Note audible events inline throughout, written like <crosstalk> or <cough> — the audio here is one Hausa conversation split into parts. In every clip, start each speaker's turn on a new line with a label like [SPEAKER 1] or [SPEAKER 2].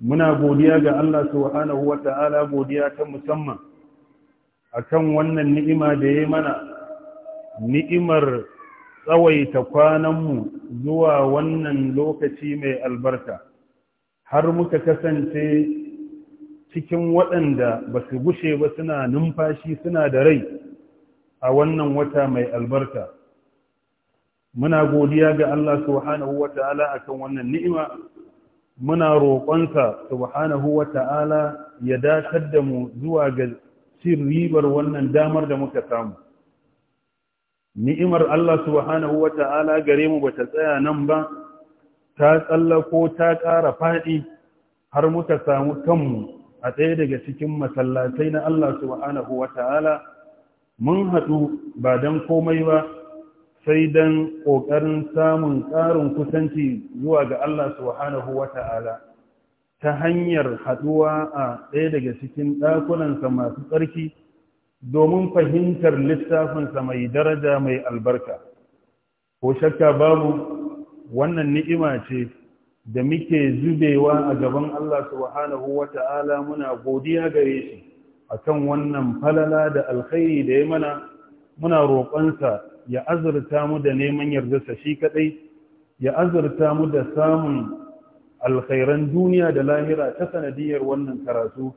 [SPEAKER 1] muna godiya ga Allah subhanahu ta'ala godiya ta musamman akan wannan ni'ima da ya mana ni'imar tsawaita kwananmu zuwa wannan lokaci mai albarka har muka kasance cikin waɗanda ba su gushe ba suna numfashi suna da rai a wannan wata mai albarka muna godiya ga Allah subhanahu ta'ala akan wannan ni'ima muna roƙonsa subhanahu wa ta'ala ya datar da mu zuwa ga cin ribar wannan damar da muka samu. Ni'imar Allah subhanahu wa ta'ala gare mu ba ta tsaya nan ba, ta tsallako ta ƙara faɗi har muka samu kanmu a ɗaya daga cikin masallatai na Allah subhanahu wa ta'ala mun haɗu ba don komai ba sai dan ƙoƙarin samun ƙarin kusanci zuwa ga Allah subhanahu wa ta'ala ta hanyar haɗuwa a ɗaya daga cikin ɗakunansa masu tsarki domin fahimtar littafinsa mai daraja mai albarka. Ko shakka babu wannan ni'ima ce da muke zubewa a gaban Allah subhanahu wa ta'ala muna godiya gare shi a kan wannan falala da alkhairi da ya mana muna roƙonsa ya azurta mu da neman yardarsa shi kadai ya azurta mu da samun alkhairan duniya da lahira ta sanadiyar wannan karatu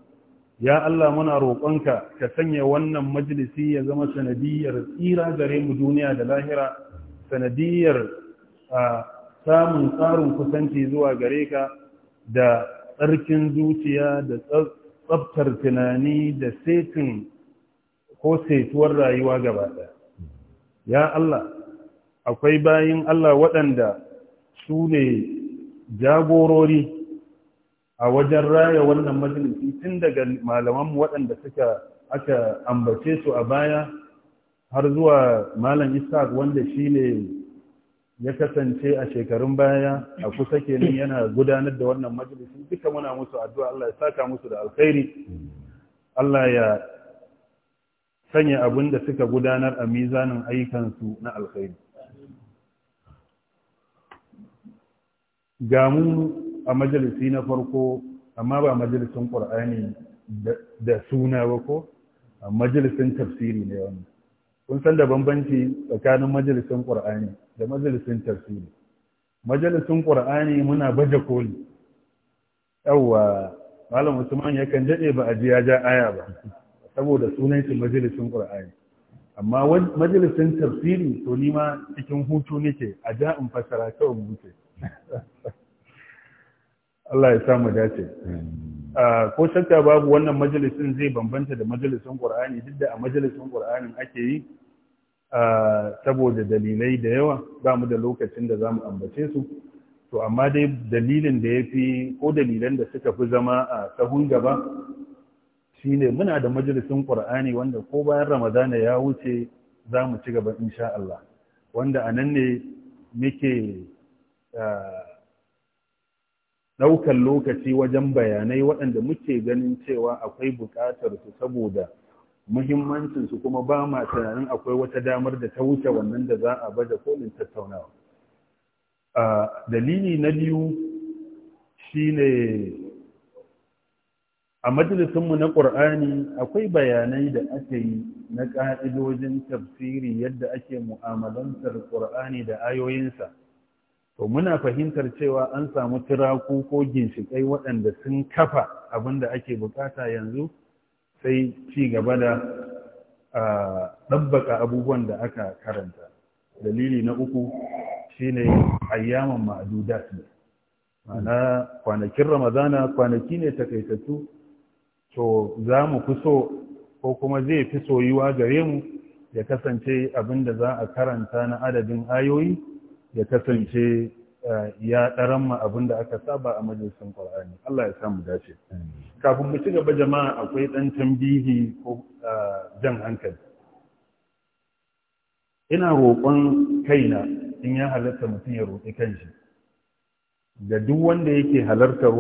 [SPEAKER 1] ya Allah muna roƙonka ka sanya wannan majalisi ya zama sanadiyar tsira gare mu duniya da lahira sanadiyar samun tsarin kusanci zuwa gare ka da tsarkin zuciya da tsabtar tunani da setin ko setuwar rayuwa gaba ɗaya ya Allah akwai bayin Allah waɗanda su ne jagorori a wajen raya wannan majalisi tun daga malamanmu waɗanda suka aka ambace su a baya har zuwa malam Ishaq wanda shi ne ya kasance a shekarun baya a kusa kenan yana gudanar da wannan majalisi duka muna musu addu'a Allah ya saka musu da alkhairi Allah ya sanya abin da suka gudanar a mizanin ayyukansu na alkhairi ga mu a majalisi na farko amma ba majalisin ƙur'ani da suna ba ko a majalisin tafsiri ne wannan kun san da bambanci tsakanin majalisin ƙur'ani da majalisin tafsiri majalisin ƙur'ani muna baje koli yawwa malam usman yakan daɗe ba a ji ya ja aya ba saboda sunan shi majalisin qur'ani amma majalisin tafsiri to ni ma cikin hutu nake a ja in fasara kawai buce <laughs> Allah ya samu dace ko shakka babu wannan majalisin zai bambanta da majalisin qur'ani duk da a majalisin qur'ani ake yi saboda dalilai da yawa ba mu da lokacin da zamu ambace su to amma dai dalilin da ya fi ko dalilan da suka fi zama a sahun gaba Shi ne muna da majalisun ƙwar'ani wanda ko bayan Ramadana ya wuce za mu ci gaba insha Allah wanda a nan ne muke ah, ɗaukar lokaci wajen bayanai waɗanda muke ganin cewa akwai buƙatar su saboda muhimmancinsu kuma ba ma tunanin akwai wata damar da ta wuce wannan da za a baje kolin tattaunawa ah, dalili na biyu ne. a majalisunmu na ƙur'ani akwai bayanai da aka yi na ƙa'idojin tafsiri yadda ake mu'amalantar ƙur'ani da ayoyinsa to muna fahimtar cewa an samu tiraku ko ginshiƙai waɗanda sun kafa abin da ake bukata yanzu sai ci gaba da ɗabbaka abubuwan da aka karanta dalili na uku shine ayyaman ma'adudat ma'ana kwanakin ramadana kwanaki ne takaitattu to za mu fi so ko kuma zai fi soyuwa gare mu ya kasance abin da za a karanta na adadin ayoyi ya kasance eh, ya ɗaran ma abin da aka saba a majalisun ƙwararri Allah ya samu dace kafin mu ci gaba jama'a akwai ɗan tambihi ko eh, jan hankali ina roƙon kaina in ya halarta mutum ya roƙi kanshi Da duk wanda yake halartar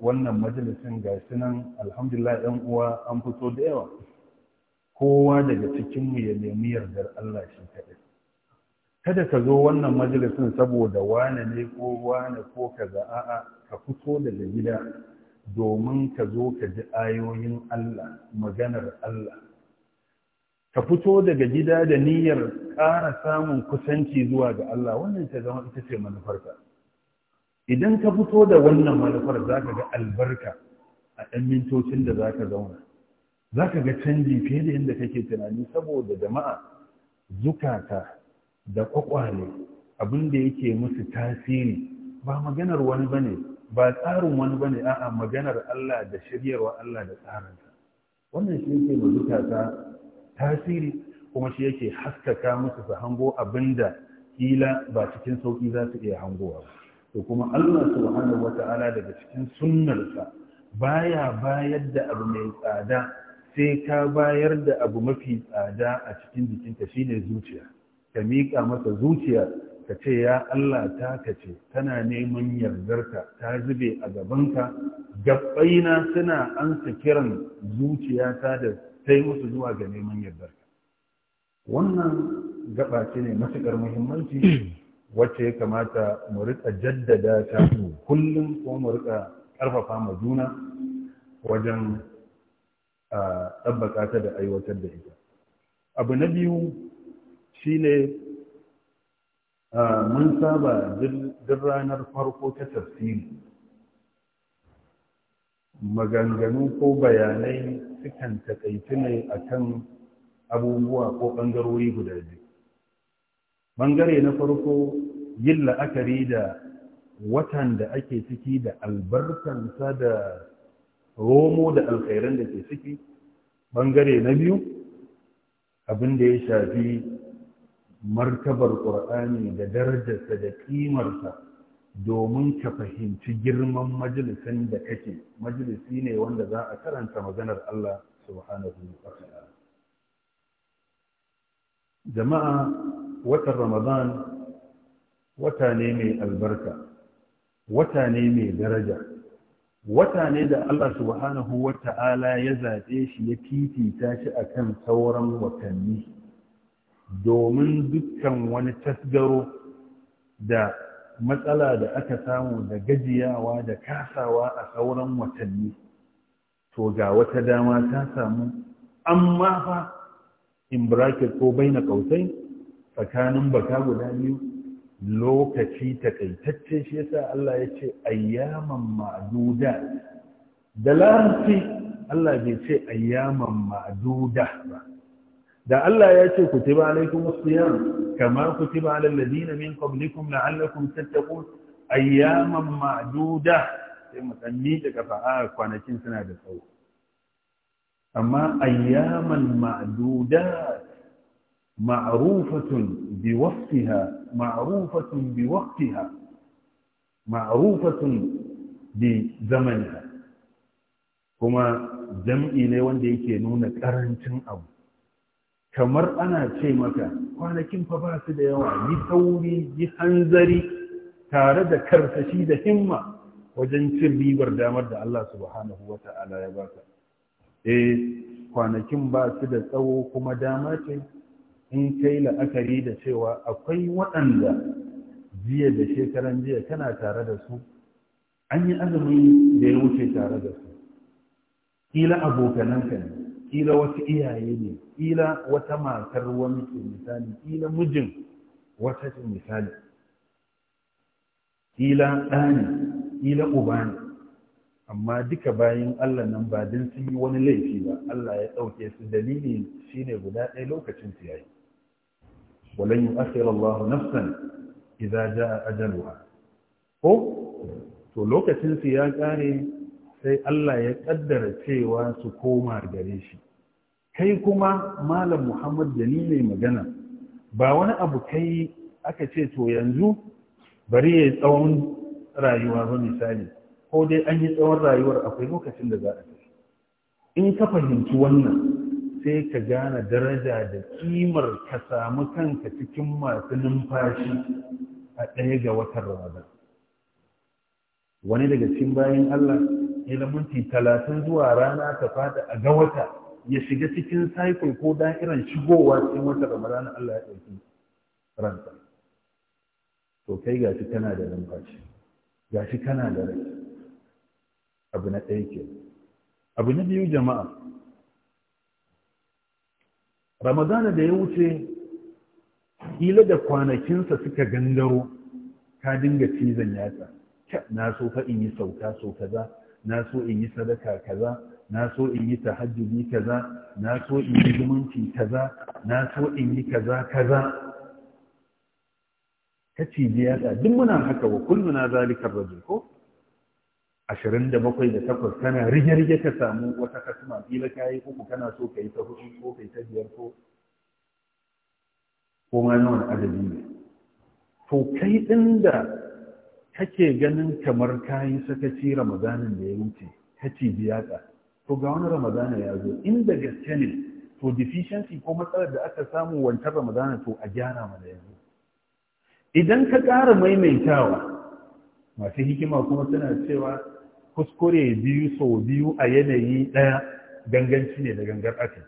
[SPEAKER 1] wannan majalisin ga nan alhamdulillah 'yan uwa an fito da yawa kowa daga cikinmu ya nemi yardar Allah shi kaɗai kada ka zo wannan majalisin saboda wane ne ko wane ko kaza a'a ka fito daga gida domin ka zo ka ji ayoyin Allah maganar Allah ka fito daga gida da niyyar ƙara samun kusanci zuwa ga Allah wannan ta zama ita ce manufarka idan ka fito da wannan manufar za ka ga albarka a ɗan mintocin da za ka zauna za ka ga canji fiye da yadda kake tunani saboda jama'a zukata da kwakwale abin da yake musu tasiri ba maganar wani bane ba tsarin wani bane a'a maganar Allah da shiryarwa Allah da tsarinsa wannan shi yake ma zukata tasiri kuma shi yake haskaka musu su hango abinda da ba cikin sauki za su iya hangowa ba to kuma Allah subhanahu wata'ala daga cikin sunnarsa baya bayar da abu mai tsada sai ka bayar da abu mafi tsada a cikin jikinka shine zuciya ka miƙa masa zuciya ka ce ya Allah ta kace tana neman yardarka ta zube a gaban gabanka gabbaina suna ansa kiran zuciyata da sai musu zuwa ga neman yardarka wannan gaba ce ne matuƙar muhimmanci wacce ya kamata mu rika jaddada ta kullum ko mu rika karfafa ma juna wajen ɗabbaka ta da aiwatar da ita abu na biyu shine mun saba duk ranar farko ta tafsiri maganganu ko bayanai sukan takaitu ne akan abubuwa ko ɓangarori guda biyu bangare na farko yin la'akari da watan da ake ciki da albarkansa da romo da alkhairan da ke ciki bangare na biyu abin da ya shafi martabar ƙur'ani da darajarsa da ƙimarsa domin ka fahimci girman majalisin da kake majalisi ne wanda za a karanta maganar Allah subhanahu wa ta'ala jama'a watan ramadan wata ne mai albarka wata ne mai daraja wata ne da Allah subhanahu wa ta'ala ya zaɓe shi ya fifita shi akan sauran watanni domin dukkan wani tasgaro da matsala da aka samu da gajiyawa da kasawa a sauran watanni to ga wata dama ta samu amma fa in bracket ko bai na kautai tsakanin baka guda biyu lokaci takaitacce shi yasa Allah ya ce ayyaman ma'duda da larabci Allah bai ce ayyaman ma'duda ba da Allah ya ce kutiba alaikum as kama kama kutiba alal ladina min qablikum la'allakum tattaqun ayyaman ma'duda sai mu tsanni da kafa kwanakin suna da tsawo amma ayyaman ma'dudat ma'rufatun bi waqtiha ma'rufatun bi waqtiha ma'rufatun bi zamaniha kuma jam'i ne wanda yake nuna ƙarancin abu kamar ana ce maka kwanakin fa ba su da yawa yi sauri yi hanzari tare da karsashi da himma wajen cin ribar damar da Allah subhanahu wa ta'ala ya baka eh kwanakin ba su da tsawo kuma dama ce in kai la'akari da cewa akwai waɗanda jiya da shekaran jiya tana tare da su an yi azumi da ya wuce tare da su ƙila abokananka ne ƙila wasu iyaye ne ƙila wata matar wani ke misali ƙila mijin wata ce misali ƙila ɗa ne ƙila uba ne amma duka bayan Allah nan ba don sun yi wani laifi ba Allah ya ɗauke su dalili shine guda ɗaya lokacin su yayi walan yu'akhkhira Allahu nafsan idza jaa ajaluha ko to lokacin su ya kare sai Allah ya kaddara cewa su koma gare shi kai kuma malam Muhammad da ni mai magana ba wani abu kai aka ce to yanzu bari yayi tsawon rayuwa ba misali ko dai an yi tsawon rayuwar akwai lokacin da za a tafi in ka fahimci wannan sai ka gane daraja da kimar ka samu kanka cikin masu numfashi a ɗaya ga watan ramadan wani daga cikin bayan allah ila minti talatin zuwa rana ta fada a ga wata ya shiga cikin cycle ko da'irar shigowa cikin watan ramadan allah ya ɗauki ranta to kai gashi kana da numfashi gashi kana da rai abu na ɗaya ke abu na biyu jama'a ramadana da ya wuce kila da kwanakinsa suka gangaro ka dinga cizon yatsa na so fa in yi sauka so kaza na so in yi sadaka kaza na so in yi tahajjudi kaza na so in yi zumunci kaza na so in yi kaza kaza ka cije yatsa duk muna haka wa kullu na zalikar rajul ko ashirin da bakwai da takwas kana rige-rige ka samu wata kasuma Fila ka yi uku kana so ka yi ta hudu ko ka yi ta biyar ko ko ma wani adadi ne to kai ɗin da kake ganin kamar ka yi sakaci ramadanin da ya wuce ka ci biyaka to ga wani ramadana ya zo inda gaske ne to deficiency ko matsalar da aka samu wancan ramadana to a gyara mana yanzu idan ka ƙara maimaitawa masu hikima kuma suna cewa kuskure biyu sau biyu a yanayi ɗaya ganganci ne da gangar ake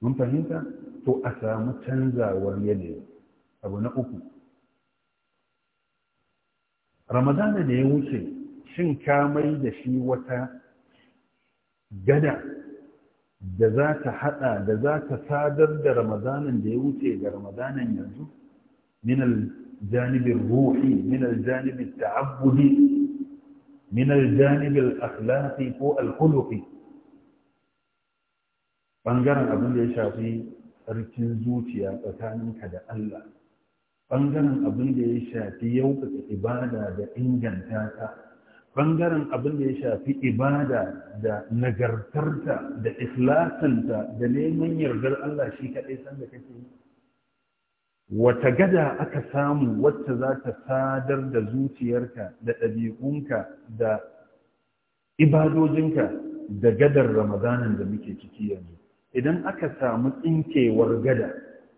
[SPEAKER 1] mun fahimta to a samu canzawar yanayi abu na uku ramadana da ya wuce shin kamai da shi wata gada da za ta hada da za ta sadar da ramadanan da ya wuce ga ramadanan yanzu Minal janibin ruhi minal janibin ta'abbudi min aljanib al-akhlaqi ko al-khuluqi bangaren abin da ya shafi tsarkin zuciya tsakaninka da Allah bangaren abin da ya shafi yaukaka ibada da inganta ta bangaren abin da ya shafi ibada da nagartarta da ikhlasinta da neman yardar Allah shi kaɗai sanda kake yi wata gada aka samu wacce za ta sadar da zuciyarka da ɗabi'unka da ibadojinka da gadar ramadanin da muke ciki yanzu idan aka samu tsinkewar gada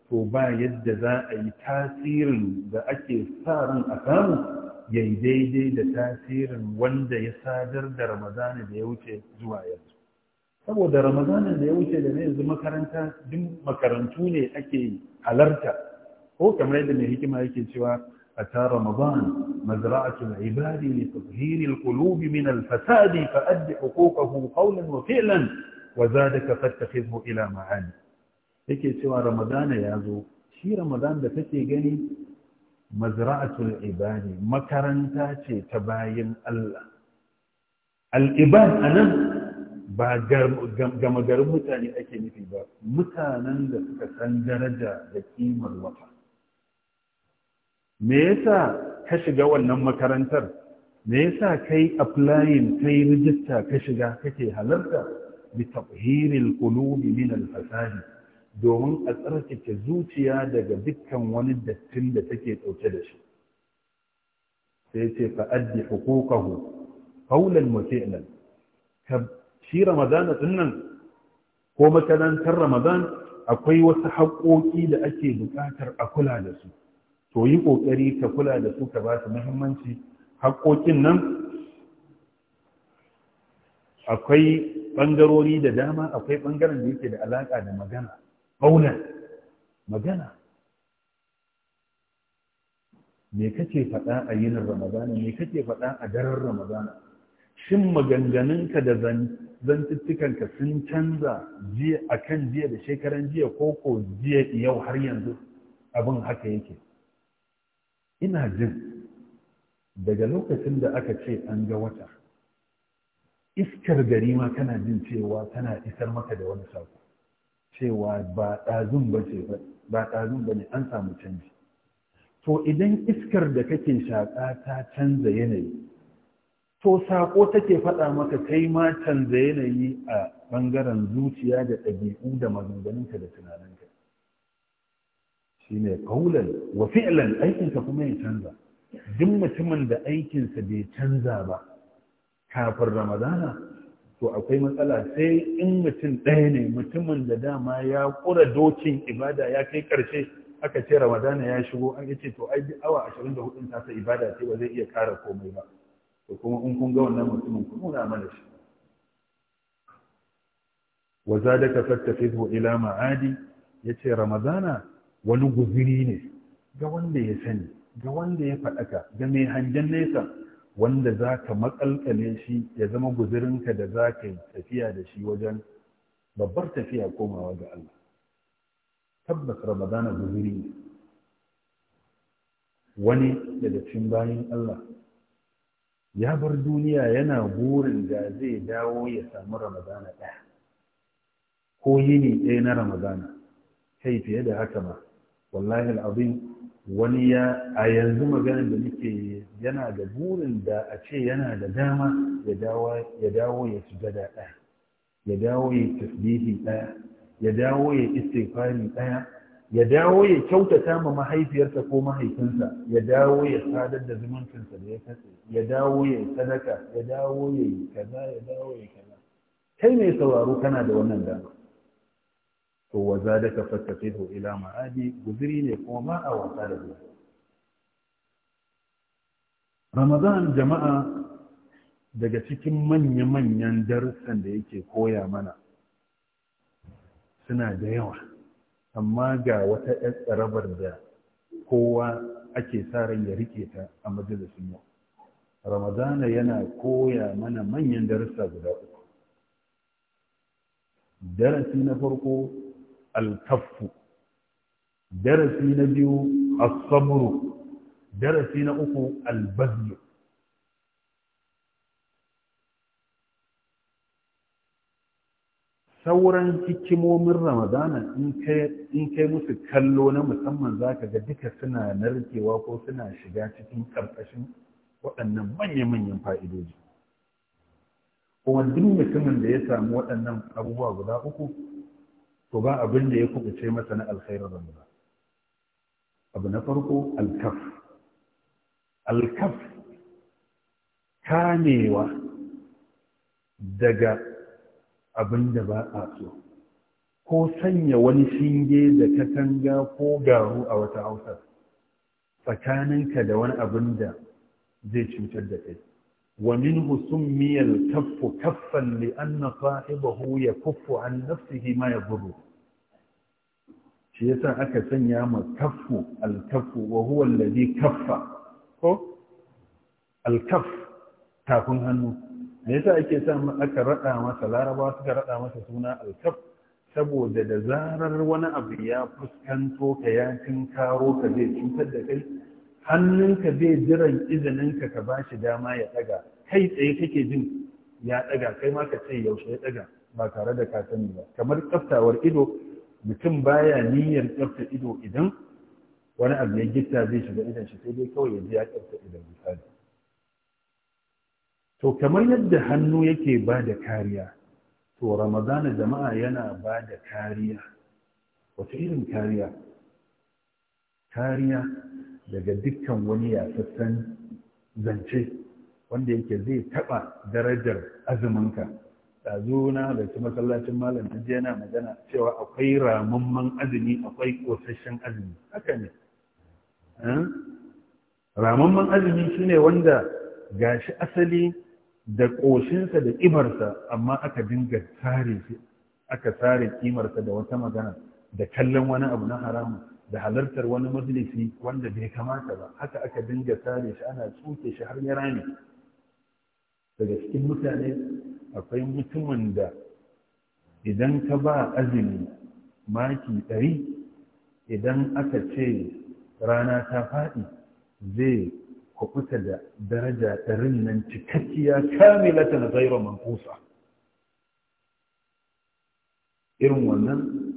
[SPEAKER 1] to ba yadda za a yi tasirin da ake sa ran a samu ya yi daidai da tasirin wanda ya sadar da ramadanin da ya wuce zuwa yanzu saboda ramadanin da ya wuce da na yanzu makaranta duk makarantu ne ake halarta ko kamar yadda mai hikima yake cewa a ta ramadan mazra'atul ibadi li tadhhiri qulubi min alfasad fa addi huquqahu qawlan wa fi'lan wa zadaka fattakhidhu ila ma'ani yake cewa ramadana ya zo shi ramadan da kake gani mazra'atul ibadi makaranta ce ta bayin Allah al-ibad anan ba gama garin mutane ake nufi ba mutanen da suka san daraja da kimar wata me yasa ka shiga wannan makarantar me yasa kai applying kai rijista ka shiga kake halarta bi taphiril qulubi min al fasad domin a tsarkake zuciya daga dukkan wani dattin da take dauke da shi sai ce fa addi huquqahu qawlan wa fi'lan ka shi ramadana dinnan ko makarantar ramadan akwai wasu haƙoƙi da ake buƙatar a kula da su to yi ƙoƙari ka kula da su ka ba su muhimmanci haƙoƙin nan akwai ɓangarori da dama akwai ɓangaren da yake da alaƙa da magana ƙaunar magana me kake faɗa a yinin ramadana me kake faɗa a daren ramadana shin maganganunka da zantuttukanka sun canza a kan jiya da shekaran jiya ko ko jiya yau har yanzu abin haka yake ina jin daga lokacin da aka ce an ga wata iskar gari ma kana jin cewa tana isar maka da wani sako cewa ba ɗazun ba ce ba ɗazun ba ne an samu canji to idan iskar da kake shaƙa ta canza yanayi to saƙo take faɗa maka kai ma canza yanayi a ɓangaren zuciya da ɗabi'u da maganganunka da tunaninka shine qaulan wa fi'lan aikinsa kuma ya canza duk mutumin da aikinsa bai canza ba kafin ramadana to akwai matsala sai in mutum ɗaya ne mutumin da dama ya ƙura dokin ibada ya kai ƙarshe aka ce ramadana ya shigo an yi ce to ai awa hudun tasa ibada ce ba zai iya ƙara komai ba to kuma in kun ga wannan mutumin ku nuna mana shi wa zadaka fattafihu ila ma'adi yace ramadana wani guziri ne ga wanda ya sani ga wanda ya faɗaka ga mai hangen nesa wanda za ka makalkale shi ya zama guzirinka da za ka yi tafiya da shi wajen babbar tafiya komawa ga Allah tabbas ramadana guziri ne wani daga cikin bayan Allah ya bar duniya yana burin da zai dawo ya samu ramadana ɗaya ko yini ɗaya na ramadana kai fiye da haka ba. wallahi al'azim wani ya a yanzu maganar da nake yana da burin da a ce yana da dama ya dawo ya sujada ɗaya ya dawo ya tasbihi ɗaya ya dawo ya istighfari ɗaya ya dawo ya kyautata ma mahaifiyarsa ko mahaifinsa ya dawo ya sadar da zumuncinsa da ya katse ya dawo ya sadaka ya dawo ya yi kaza ya dawo ya kaza kai mai sauraro kana da wannan dama to wa zalika fattaqihu ila ma'adi guziri ne kuma ma a wasa da shi Ramadan jama'a daga cikin manya-manyan darussan da yake koya mana suna da yawa amma ga wata 'yan tsarabar da kowa ake sa ran ya rike ta a majalisun yau ramadana yana koya mana manyan darussa guda uku darasi na farko alkaffu darasi na biyu as darasi na uku al sauran hikimomin ramadana in kai musu kallo na musamman za ka ga duka suna narkewa ko suna shiga cikin ƙarƙashin waɗannan manya-manyan fa'idoji kuma duk mutumin da ya samu waɗannan abubuwa guda uku to ba abin da ya kubuce masa na alkhairar ramadan abu na farko alkaf alkaf kamewa daga abin da ba a so ko sanya wani shinge da katanga ko garu a wata hausa tsakaninka da wani abin da zai cutar da kai ومنه سمي الكف كفا لأن صاحبه يكف عن نفسه ما يضره shi yasa aka sanya ma kaffu alkafu? wa huwa allazi kaffa ko alkaf tafin hannu me yasa ake sa aka rada masa laraba suka rada masa suna alkaf saboda da zarar wani abu ya fuskanto ka ya karo ka zai cutar da kai hannunka zai jiran izininka ka ba shi dama ya daga kai tsaye kake jin ya daga kai ma ka ce yaushe ya daga ba tare da ka sani ba kamar tsaftawar ido mutum baya niyyar kyafta ido idan wani abu ya gitta zai shiga idan shi sai dai kawai ya ji ya kyafta idan misali to kamar yadda hannu yake ba da kariya to ramadana jama'a yana ba da kariya wata irin kariya kariya daga dukkan wani yasassan zance wanda yake zai taɓa darajar azuminka ɗazu na ta masallacin malam na yana magana cewa akwai ramamman azumi akwai ƙosashen azumi haka ne eh? ramamman azumi shine wanda shi asali da ƙoshinsa da ƙimarsa amma aka dinga tare shi aka tare ƙimarsa da wata magana da kallon wani abu na haramu da halartar wani majalisi wanda bai kamata ba haka aka dinga tare shi ana tsuke shi har ya rame daga cikin mutane akwai mutumin da idan ka ba azumi maki ɗari idan aka ce rana ta faɗi zai kwakuta da daraja ɗarin nan cikakkiya kamilata na zairo mankusa irin wannan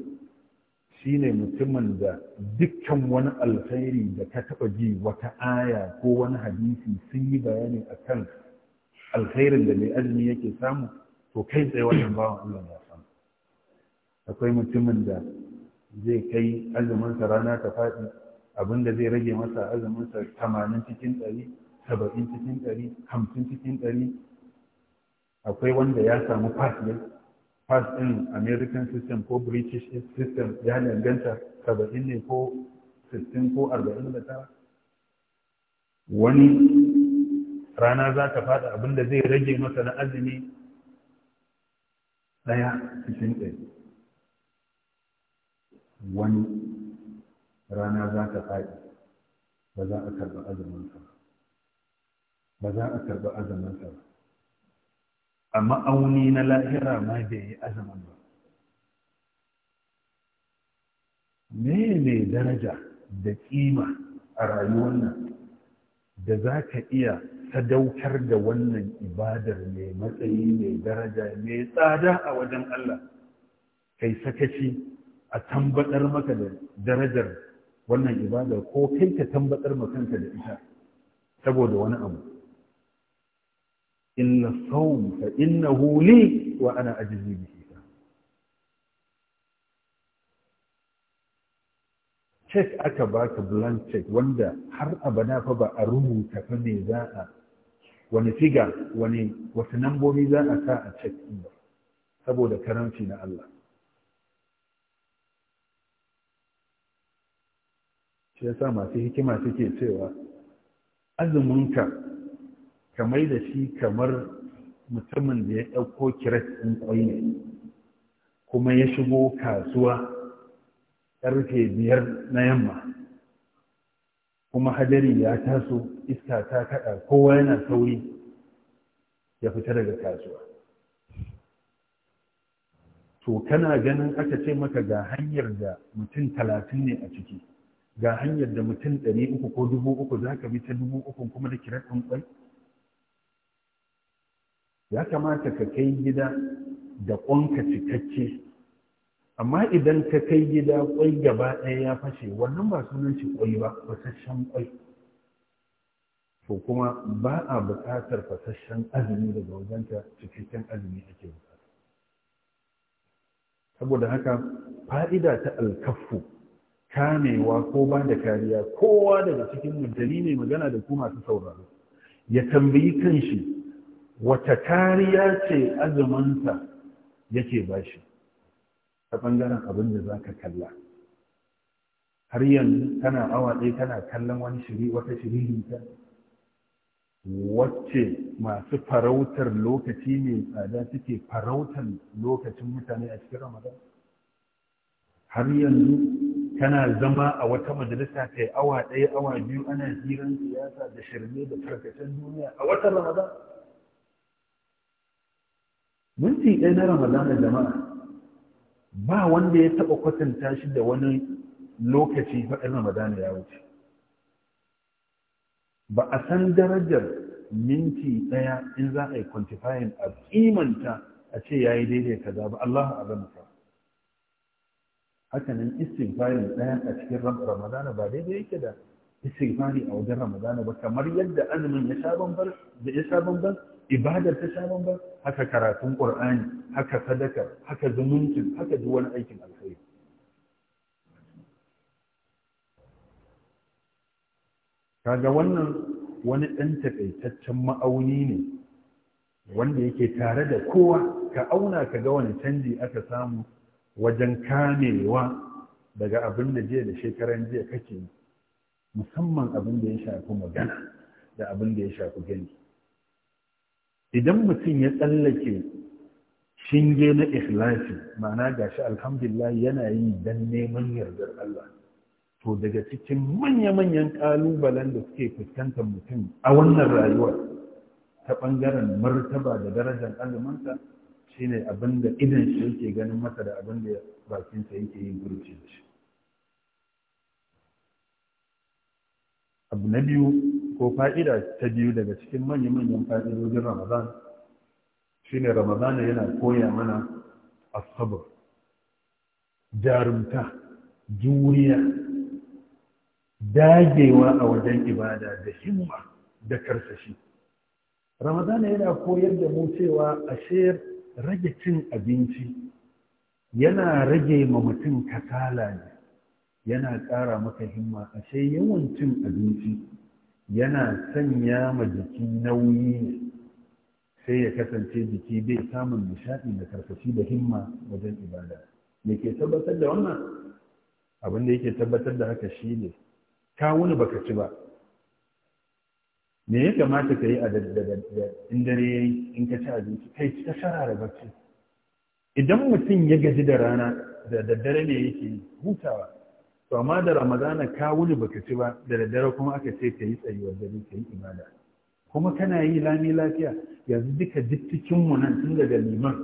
[SPEAKER 1] shi ne mutumin da dukkan wani alkhairi da ka taɓa ji wata aya ko wani hadisi sun yi bayani a kan alkhairin da mai azumi yake samu to kai tsaye wannan bawan Allah ya samu akwai mutumin da zai kai azuminsa rana ta faɗi abinda zai rage masa azuminsa tamanin cikin ɗari saba'in cikin ɗari hamsin cikin ɗari akwai wanda ya samu fasiyar pass american system ko british system ya danganta saba'in ne ko sittin ko arba'in da ta wani rana za ta fada abinda zai rage masa na azumi daya cikin ɗaya wani rana za ta faɗi ba za a karɓi azuminsa ba za a karɓi azuminsa ba a ma'auni na lahira ma bai yi azumin ba Mene daraja da ƙima a rayuwar nan da za ka iya sadaukar da wannan ibadar mai matsayi mai daraja mai tsada a wajen Allah kai sakaci a tambatar maka da darajar wannan ibadar ko kai ka tambatar kanka da ita saboda wani abu Inna sawm fa innahu li wa ana ajzi bihi cek aka baka blank check wanda har abada fa ba a rubuta fa ne za a wani figa wani wasu nambobi za a sa a cek ɗin saboda karanci na Allah shi yasa masu hikima suke cewa azuminka ka da shi kamar mutumin da ya ɗauko kiret ɗin ƙwai ne kuma ya shigo kasuwa ƙarfe biyar na yamma kuma hadari ya taso iska ta kaɗa kowa yana sauri ya fita daga kasuwa to kana ganin aka ce maka ga hanyar da mutum talatin ne a ciki ga hanyar da mutum ɗari uku ko dubu uku za ka bi ta dubu uku kuma da kiran ɗan ƙwai ya kamata ka kai gida da ƙwanka cikakke amma idan ka kai gida ƙwai gaba ɗaya ya fashe wannan ba sunan ci ƙwai ba fasashen ƙwai ko kuma ba a buƙatar fasashen azumi daga wajenta cikakken azumi ake buƙata saboda haka fa'ida ta alkafu kamewa ko ba da kariya kowa daga cikin mutane ne magana da ku masu sauraro ya tambayi kanshi wata kariya ce azuminsa yake ba shi. ta ɓangaren abin da za ka kalla har yanzu tana awa ɗaya kana kallon wani shiri wata shirihinta wacce masu farautar lokaci mai tsada suke farautar lokacin mutane a cikin ramadan har yanzu kana zama a wata majalisa kai awa ɗaya awa biyu ana hiran siyasa da shirme da farkashen duniya a watan ramadan
[SPEAKER 2] minti ɗaya na ramadan da jama'a
[SPEAKER 1] ba wanda ya taɓa kwatanta shi da wani lokaci faɗin ramadan ya wuce ba a san darajar minti ɗaya in za a yi kwantifayin, a kimanta a ce ya yi daidai kaza ba Allahu a'lamu haka nan istighfarin ɗaya a cikin ramadana ba daidai yake da istighfari a wajen ramadana ba kamar yadda azumin ya sha bambar da ya sha bambar ibadar ta sha bambar haka karatun qur'ani haka sadaka haka zumuncin haka duk wani aikin alkhairi kaga wannan wani ɗan takaitaccen ma'auni ne wanda yake tare da kowa ka auna ka ga wani canji aka samu wajen kamewa daga abin da jiya da shekaran jiya kake musamman abin da ya shafi magana da abin da ya shafi gani idan mutum ya tsallake shinge na ikhlasi ma'ana gashi alhamdulillah yana yi don neman yardar Allah to daga cikin manya-manyan ƙalubalen da suke fuskantar mutum a wannan rayuwa ta ɓangaren martaba da darajar shi ne abin da idan shi yake ganin masa da abin da bakinsa yake yin gurci da shi abu na biyu ko fa'ida ta biyu daga cikin manya-manyan fa'idojin ramadan ne ramadan yana koya mana asabar jarumta juriya dagewa a wajen ibada da himma da karsashi ramadana yana koyar da mu cewa ashe rage cin abinci yana rage ma mutum kasala ne yana ƙara maka himma ashe yawan cin abinci yana sanya ma jiki nauyi ne sai ya kasance jiki bai samun nishaɗi da karkashi da himma wajen ibada me ke tabbatar da
[SPEAKER 2] wannan
[SPEAKER 1] abin da yake tabbatar da haka shine ka wuni baka ci ba me ya kamata ka yi a in dare ya yi in ka ci abinci kai ci ka shara da bacci idan mutum ya gaji da rana da daddare ne yake hutawa to amma da ramadana ka wuni baka ci ba da daddare kuma aka ce ka yi tsayuwar dare ka yi ibada kuma kana yi lami lafiya yanzu duka mu nan tun daga liman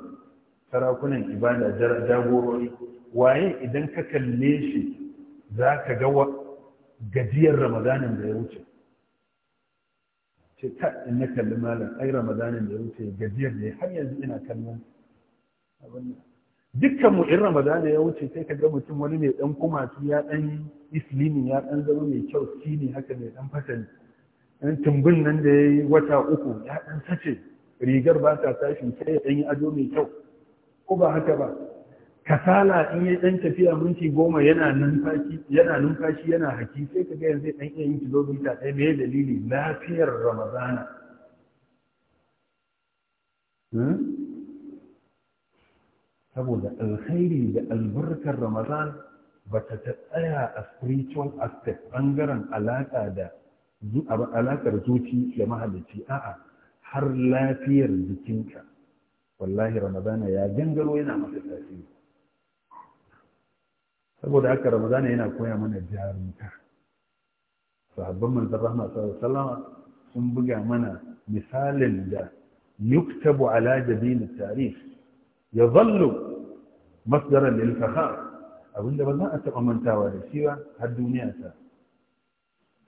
[SPEAKER 1] sarakunan ibada jagorori waye idan ka kalle shi za ka ga gajiyar ramadanin da ya wuce ce ta in na kalli malam ai ramadanin da ya wuce gajiyar da ya har yanzu ina kallon dukkan mu in ramadanin ya wuce sai ka ga mutum wani mai dan kumatu ya dan islimi ya dan zama mai kyau ne haka mai dan fasali dan tumbin nan da yayi wata uku ya dan sace rigar ba ta tashi sai ya dan yi ado mai kyau ko ba haka ba kasala in ya dan tafiya minti goma yana numfashi yana numfashi yana haki sai ka ga zai dan iya yin kilomita ɗaya me dalili lafiyar ramadana hmm? saboda alkhairi da albarkar ramadan ba ta tsaya a spiritual aspect bangaren alaƙa da alaƙar zuci da mahalicci a'a har lafiyar jikinka wallahi ramadana ya gangaro yana masa tasiri saboda haka ramadan yana koya mana jarumta sahabban manzon rahma sallallahu sun buga mana misalin da yuktabu ala jabin tarif ya zallu masdaran lil fakhar abinda ba za a taɓa mantawa da shi ba har duniya ta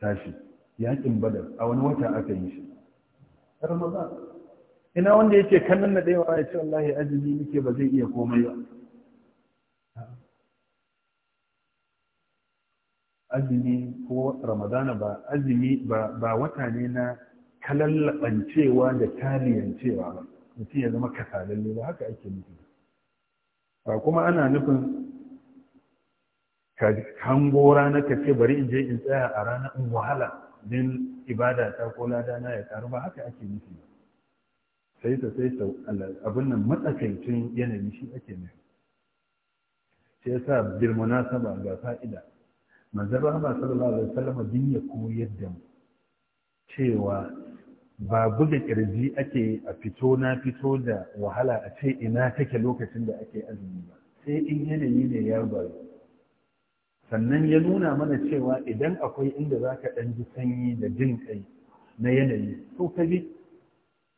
[SPEAKER 1] tashi yakin badar a wani wata aka yi shi ramadan ina wanda yake kannan na ɗaya ya ce wallahi azumi nake ba zai iya komai ba azumi ko ramadana ba azumi ba wata ne na kalallabancewa da taliyancewa ba mutum ya zama kasalalle ba haka ake nufi ba kuma ana nufin kango ranar rana ka bari in je in tsaya a rana in wahala din ibada ta ko ladana ya karu ba haka ake nufi ba sai ta sai ta abin nan matsakaicin yanayi shi ake nufi sai yasa bil munasaba ga fa'ida manzon rahama sallallahu alaihi wasallam din ya koyar da mu cewa ba buga kirji ake a fito na fito da wahala a ce ina take lokacin da ake azumi ba sai in yanayi ne ya bayu sannan ya nuna mana cewa idan akwai inda zaka ka ɗan ji sanyi da jin kai na yanayi to ka bi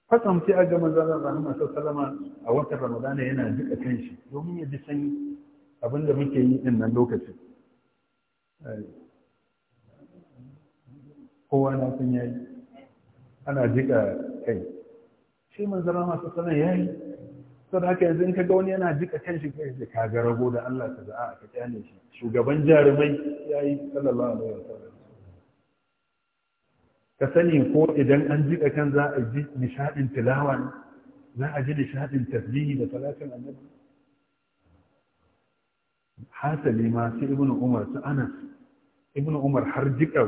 [SPEAKER 1] kwatsam ce a ga manzon rahama sallallahu a watan ramadana yana jika kanshi domin ya ji sanyi abinda muke yi din nan lokacin kowa na sun yayi ana jika kai shi zama masu sanar yayi sau haka yanzu in kaga wani yana jika kan shi kai ka ga rago da Allah ka za'a a ka ne shi shugaban jarumai yayi sallallahu alaihi wasallam ka sani ko idan an jika kan za a ji nishadin tilawa za a ji nishadin tasbihi da salatin annabi hasali ma sai Ibn umar su anas Ibn umar har jika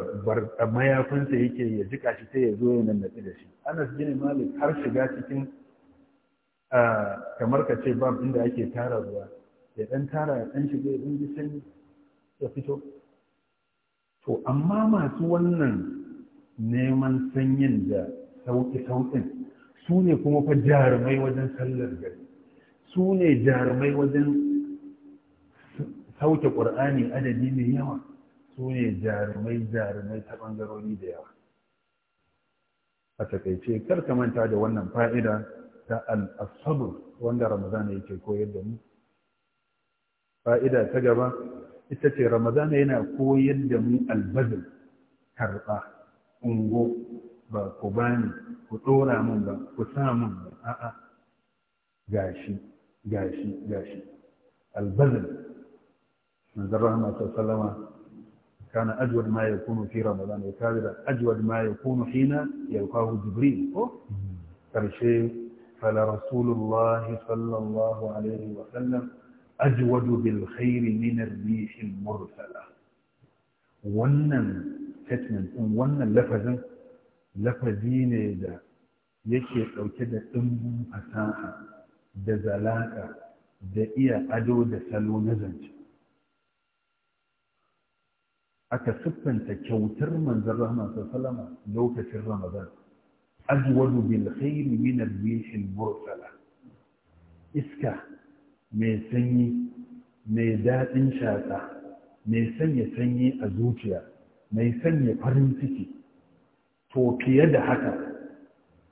[SPEAKER 1] mayafinsa yake ya jika shi sai ya zo ya nannaɗi da shi anas bin malik har shiga cikin kamar ka ce bab inda ake tara ruwa ya dan tara ya dan shiga ya dan ya fito to amma masu wannan neman sanyin da sauki sauƙin su ne kuma fa jarumai wajen sallar gari su ne jarumai wajen sauke ƙur'ani adadi mai yawa su ne jarumai jarumai ta ɓangarori da yawa a takaice kar ka manta da wannan fa'ida ta al'asabu wanda ramadana yake koyar da mu fa'ida ta gaba ita ce ramazana yana koyar da mu albazin karɓa ungo ba ku bani ku ɗora min ba ku sa min ba a'a gashi gashi gashi albazin من ذره ما تسلم كان أجود ما يكون في رمضان وكذا أجود ما يكون حين يلقاه جبريل فرشي فلرسول الله صلى الله عليه وسلم أجود بالخير من الريح المرسلة ونن تتمن ونن لفظا لفظين دا يكي أو كده أم أساها دزالاكا دا إيا أدو دسالو aka siffanta kyautar manzon rahman sallama lokacin ramadan ajwadu bil khairi min ar-rihil mursala iska mai sanyi mai daɗin shaƙa mai sanya sanyi a zuciya mai sanya farin ciki to fiye da haka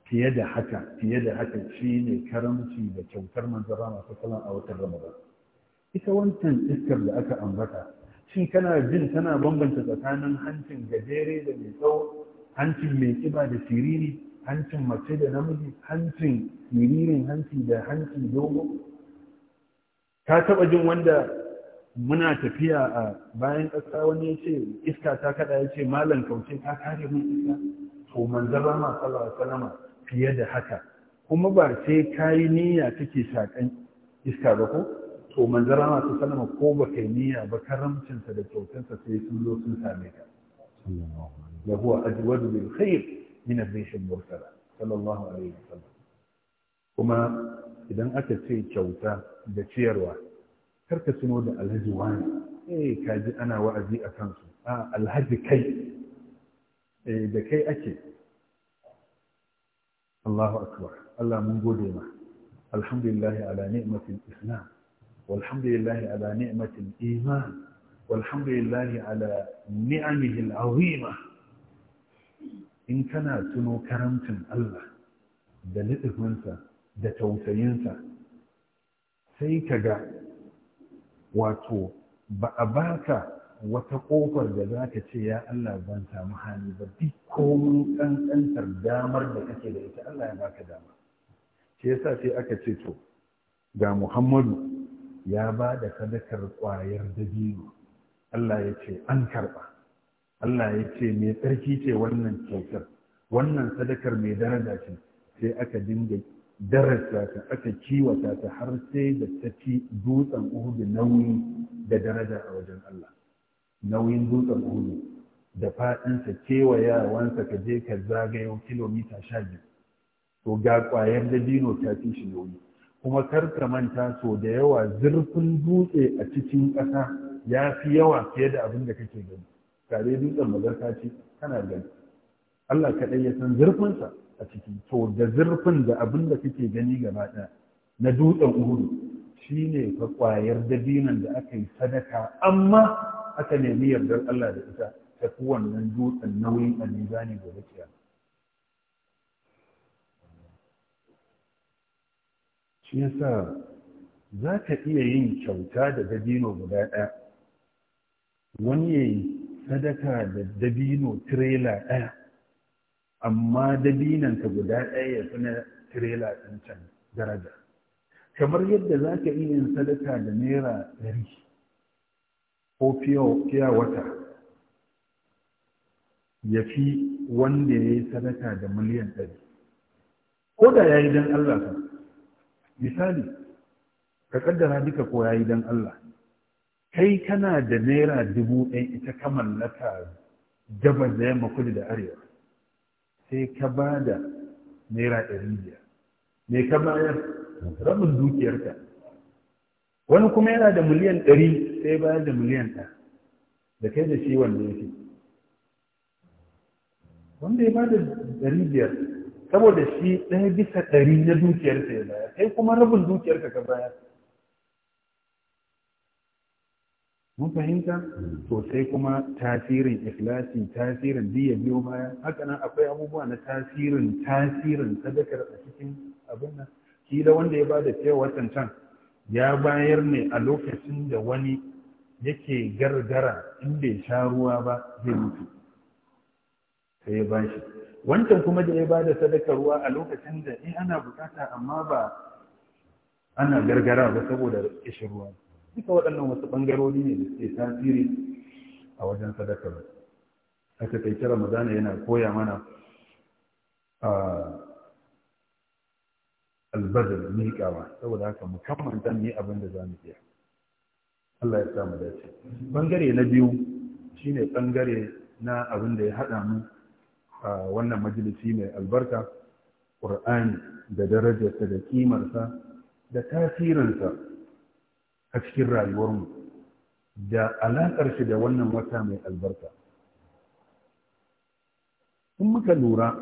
[SPEAKER 1] fiye da haka fiye da haka shi ne karamci da kyautar manzara masu kalan a watan ramadan ita wancan iskar da aka ambata shin kana jin tana bambanta tsakanin hancin gajere da mai tsawo hancin mai kiba da siriri hancin mace da namiji hancin siririn hanci da hancin dogo ka taba jin wanda muna tafiya a bayan ƙasa wani ya ce iska ta kada ya ce malam kauce ka kare mun iska to manzara ma sallallahu fiye da haka kuma ba sai kayi niyya kake shakan iska ba ko to manzon Allah ta sallama ko ba kai niyya ba karamcinsa da kyautansa sai sun zo sun same ka da huwa ajwadu bil khair min ar-rish al-mursala sallallahu alaihi wasallam kuma idan aka ce kyauta da ciyarwa karka suno da alhaji wani eh ji ana wa'azi a kansu a alhaji kai eh, da kai ake Allahu akbar Allah mun gode ma alhamdulillah ala ni'matil islam والحمد لله على نعمة الإيمان والحمد لله على نعمه العظيمة in kana tuno karamcin Allah da nufinsa da tausayinsa sai ka ga wato ba a baka wata ƙofar da za ka ce ya Allah ban samu hali ba duk komin ƙanƙantar damar da kake da ita Allah ya baka dama shi yasa sai aka ce to ga Muhammadu ya ba da sadakar ƙwayar dabino Allah ya ce an karɓa Allah ya ce mai tsarki ce wannan kyautar wannan sadakar mai daraja ce sai aka dinga darasa ta aka kiwata ta har sai da ta ci dutsen uhudu nauyi da daraja a wajen Allah nauyin dutsen uhudu da faɗinsa kewayawansa ka je ka zagayo kilomita sha biyu to ga ƙwayar dabino ta fi shi nauyi kuma kar ka manta so da yawa zurfin dutse a cikin ƙasa ya fi yawa fiye da abin da kake gani tare dutsen mazarka ce kana gani Allah kaɗai ya san zurfinsa a ciki to da zurfin da abin da kake gani gaba ɗaya na dutsen uhudu shine fa kwayar dabinan da aka yi sadaka amma aka nemi yardar Allah da ita ta fi wannan dutsen nauyin a gobe kiyama shi yasa za ka iya yin kyauta da dabino guda ɗaya wani ya yi sadaka da dabino tirela ɗaya amma dabinanta guda ɗaya ya fi na tirela ɗin can daraja kamar yadda za ka iya yin sadaka da naira ɗari ko fiya wata ya fi wanda ya yi sadaka da miliyan ɗari ko da ya yi don allah misali ka kaddara duka ko yayi dan Allah kai kana da naira dubu ɗaya ita ka mallaka gabas da yamma kudu da arewa sai ka ba da naira ɗari biyar me ka bayar rabin dukiyarka wani kuma yana da miliyan ɗari sai bayar da miliyan ɗaya da kai da shi wanda yake wanda ya ba da ɗari biyar saboda shi ɗaya bisa ɗari na dukiyarsa ya bayar kai kuma rabin dukiyarka ka bayar mun fahimta to sai kuma tasirin ikhlasi tasirin diya biyo baya haka nan akwai abubuwa na tasirin tasirin sadakar a cikin abin nan da wanda ya bada cewa watan can ya bayar ne a lokacin da wani yake gargara in bai sha ruwa ba zai mutu sai ya bashi wancan kuma da ya bada da ruwa a lokacin da in ana bukata amma ba ana gargara ba saboda kishin ruwa duka waɗannan wasu ɓangarori ne da suke tasiri a wajen sadakar aka kai kira mazana yana koya mana albazar miƙawa saboda haka mu kamanta ne abin da za mu iya Allah ya samu dace Bangare na biyu shine bangare na abin da ya haɗa mu a wannan majalisi mai albarka ƙur'ani da darajarsa da kimarsa da tasirinsa a cikin rayuwarmu da alaƙar shi da wannan wata mai albarka in muka lura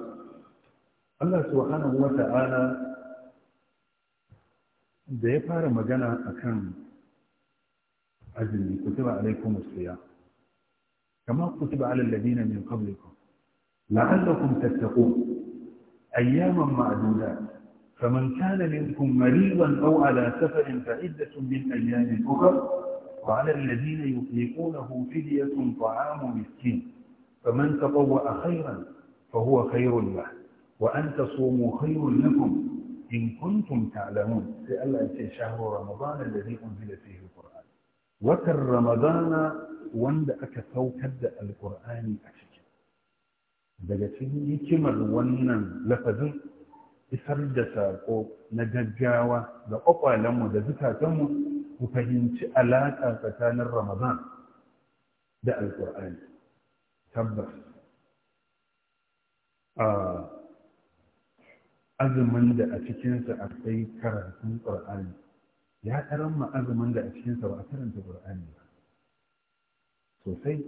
[SPEAKER 1] Allah subhanahu wata'ala da ya fara magana akan azumi kutiba alaikum kama kutuba alal ladina min qablikum لعلكم تتقون أياما معدودات
[SPEAKER 2] فمن كان منكم مريضا أو
[SPEAKER 1] على سفر فعدة من أيام أخر وعلى الذين يطيقونه فدية طعام مسكين فمن تطوع خيرا فهو خير له وأن تصوموا خير لكم إن كنتم تعلمون سأل أنت شهر رمضان الذي أنزل فيه القرآن وكر رمضان وند أكثوكد القرآن أشهر daga cikin hikimar wannan lafazin isar da saƙo na gaggawa ga kwakwalenmu da zukatanmu ku fahimci alaƙa tsakanin ramadan da alƙur'ani tabbas azumin da a cikinsa akwai karatun ƙur'ani ya karamma azumin da a cikinsa ba a karanta ƙur'ani ba sosai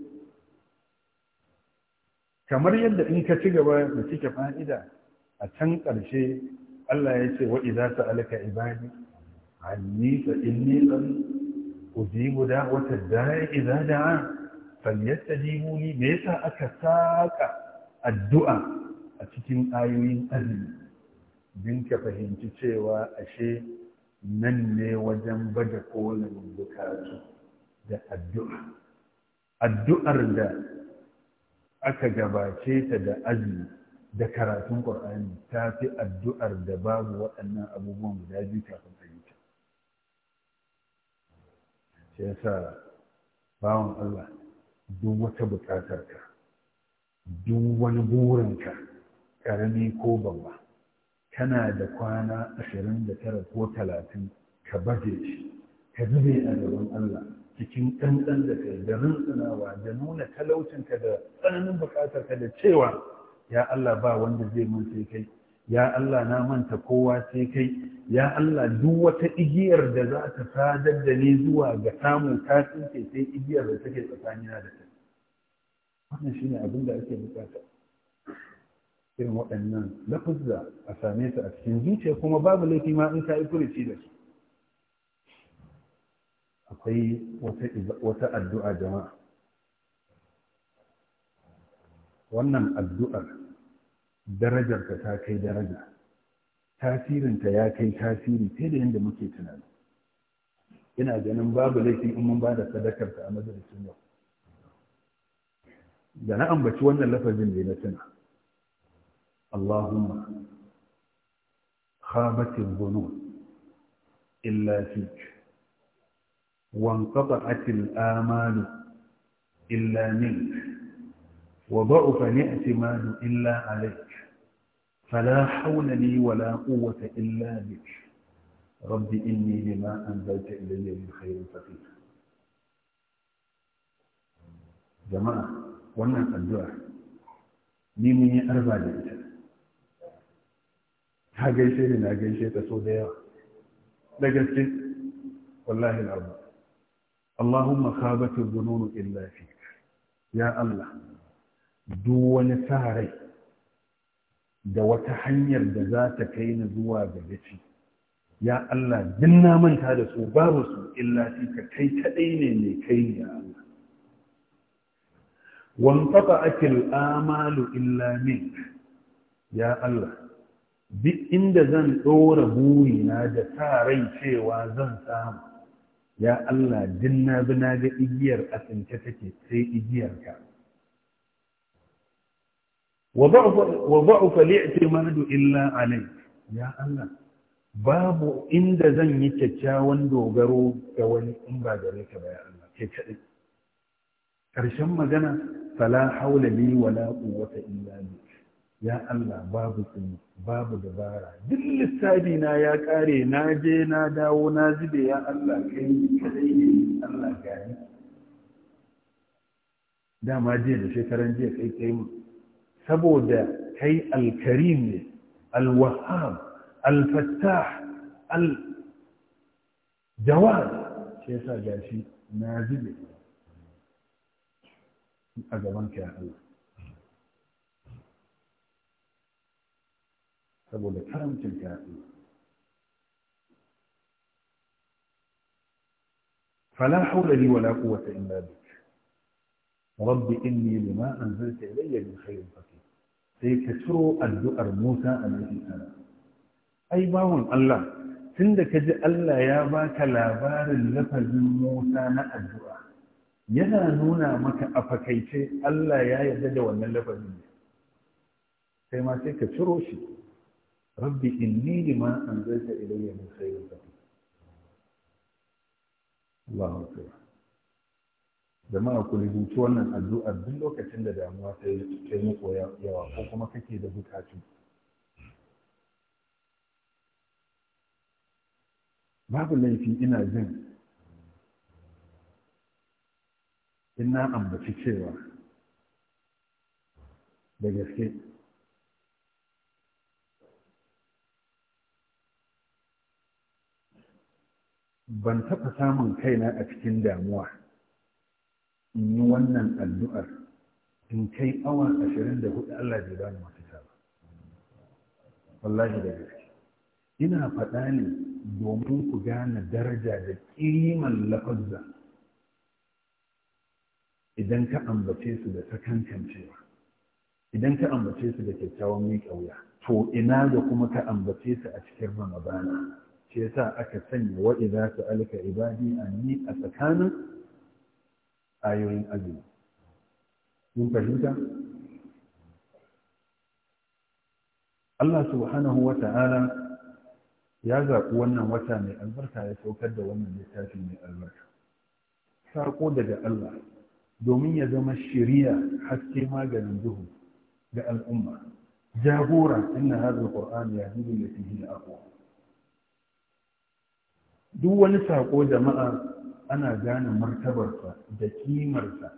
[SPEAKER 1] kamar yadda in ka ci gaba da cike fa'ida a can ƙarshe Allah ya ce wa'i za su alaka ibadi anni fa inni guda wata da'wata da'i idza da'a falyastajibu li me yasa aka saka addu'a a cikin ayoyin azumi din ka fahimci cewa ashe nan ne wajen baje kolin bukatu da addu'a addu'ar da aka gabace ta da azumi da karatun ƙur'ani ta fi addu'ar da babu waɗannan abubuwan guda biyu kafin a yi ta shi yasa bawan Allah duk wata buƙatar ka duk wani burinka ƙarami ko babba kana da kwana ashirin da tara ko talatin ka baje shi ka zube a gaban Allah cikin ɗanɗan da ka da rinsunawa da nuna talaucinka da tsananin buƙatarka da cewa ya Allah ba wanda zai mun sai kai ya Allah na manta kowa sai kai ya Allah duk wata igiyar da za ta sadar da ni zuwa ga samun tasirin ke sai igiyar da take tsakanina da kai wannan shine abin da ake bukata irin waɗannan lafuzza a same su a cikin zuciya kuma babu laifi ma in ka yi furuci da su akwai wata addu'a jama'a wannan addu'ar darajarta ta kai daraja tasirinta ya kai tasiri fiye da yadda muke tunani ina ganin babu laifi in mun ba da sadakarta a majalisun yau da na ambaci wannan lafazin ne na tuna Allahumma khabatin zunun illa fik وانقطعت الآمال إلا منك وضعف الاعتماد إلا عليك فلا حول لي ولا قوة إلا بك رب إني لما أنزلت إلي من خير فقير جماعة وانا الدعاء نيمي أربع جنجة شيء جيشي لنا جيشي تسوديا لجسك والله العظيم Allahumma khabatir zununu illa fi ya Allah duk wani da wata hanyar da za ta kai ni zuwa ga gaci ya Allah din na manta da su babu su illa fi ka kai kadai ne mai kai ne ya Allah wanfaka akil amalu illa min ya Allah duk inda zan ɗora burina da sa rai cewa zan samu ya Allah din na bi na ga igiyar a tsince take sai ka. wa ba'ufa li'timadu illa alayk ya Allah babu inda zan yi kyakkyawan dogaro ga wani in ba gare ka ba ya Allah ke kaɗai ƙarshen magana fala haula li wala quwwata illa billah ya Allah babu tsini babu dabara duk lissafi na ya kare na je na dawo na zube ya Allah kai ni kadai ne Allah gani dama jiya da shekaran jiya kai kai mu saboda kai alkarim ne alwahab alfattah al jawad sai sa gashi na zube a gaban ka ya Allah saboda karancin tafi fala haula li wala quwwata illa bik rabbi inni lima anzalta ilayya min khayrin faqir sai ka ciro addu'ar Musa alaihi salam ai bawon Allah tunda ka ji Allah ya baka labarin lafazin Musa na addu'a yana nuna maka a fakaice Allah ya yarda da wannan lafazin sai ma sai ka ciro shi rabbi inni lima anzalta ilayya min khairin faqir Allahu akbar kuli, bi rubuci wannan addu'ar duk lokacin da damuwa ta yi muku yawa ko kuma kake da bukatu babu laifi ina jin in ambaci cewa da gaske ban taɓa samun kaina a cikin damuwa in yi wannan addu'ar in kai awa ashirin da hudu Allah bai bani mafita ba wallahi da gaske ina faɗa ne domin ku gane daraja da ƙiman lafazza idan ka ambace su da sakankancewa idan ka ambace su da kyakkyawan mai ƙauya, to ina da kuma ka ambace su a cikin
[SPEAKER 2] ramadana
[SPEAKER 1] shi yasa aka sanya za su alika ibadi a tsakanin ayoyin azumi mun fahimta Allah subhanahu wa ta'ala ya zaɓi wannan wata mai albarka ya saukar da wannan littafi mai albarka saƙo daga Allah domin ya zama shiriya haske maganin duhu ga al'umma jagora inna hadha alquran yahdi lillati hiya aqwam duk wani saƙo jama'a ana gane martabarsa da kimarsa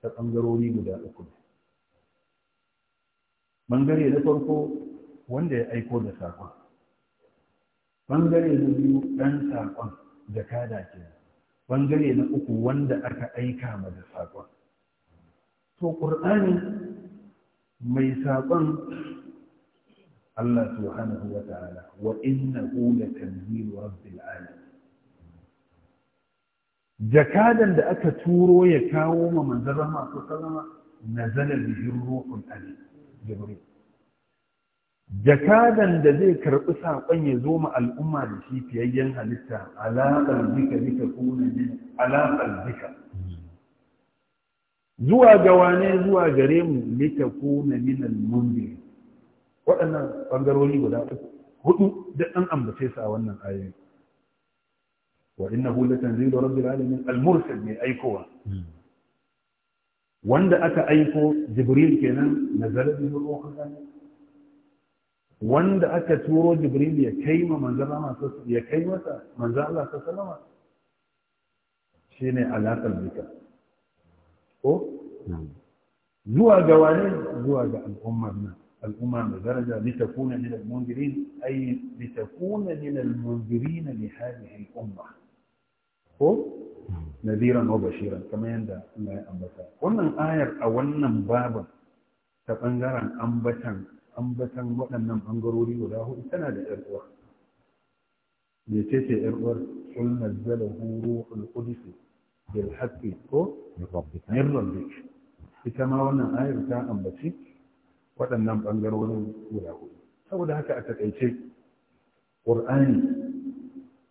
[SPEAKER 1] ta ɓangarori guda uku ɓangare na farko wanda ya aiko da saƙon ɓangare na biyu ɗan saƙon da kada ke ɓangare na uku wanda aka aika ma da saƙon to ƙur'ani mai saƙon Allah subhanahu wa ta'ala wa innahu latanzilu rabbil alamin jakadan da aka turo ya kawo ma manzaran masu salama na zanar bihin ruhun ali jibril jakadan da zai karɓi saƙon ya zo ma al'umma da shi fiyayyen halitta alaƙar zika zika kuna ne alaƙar zika zuwa ga wane zuwa gare mu lita kuna minal mundiri waɗannan ɓangarori guda uku hudu da an ambace su a wannan ayoyi wa latan latanzilu rabbil alamin al-mursal mai aikowa wanda aka aiko jibril kenan nazala bihi ruhul amin wanda aka turo jibril ya kai ma manzala masu ya kai masa manzala ta salama shine alaqal bika ko zuwa ga wani zuwa ga al'ummar nan الأمم بدرجة لتكون من المنذرين أي لتكون من المنذرين لهذه الأمة هو نذيرا وبشيرا كما يندى الله أنبتا قلنا آية أولنا بابا تبنجرا أنبتا أنبتا وأنا أنجروري وله إتنا لإرقوة ليتيتي إرقوة قل نزله روح القدس بالحق من ربك من ربك إتما وأنا آية بتاع أنبتيك waɗannan ɓangarorin guda hudu saboda haka a taƙaice ƙur'ani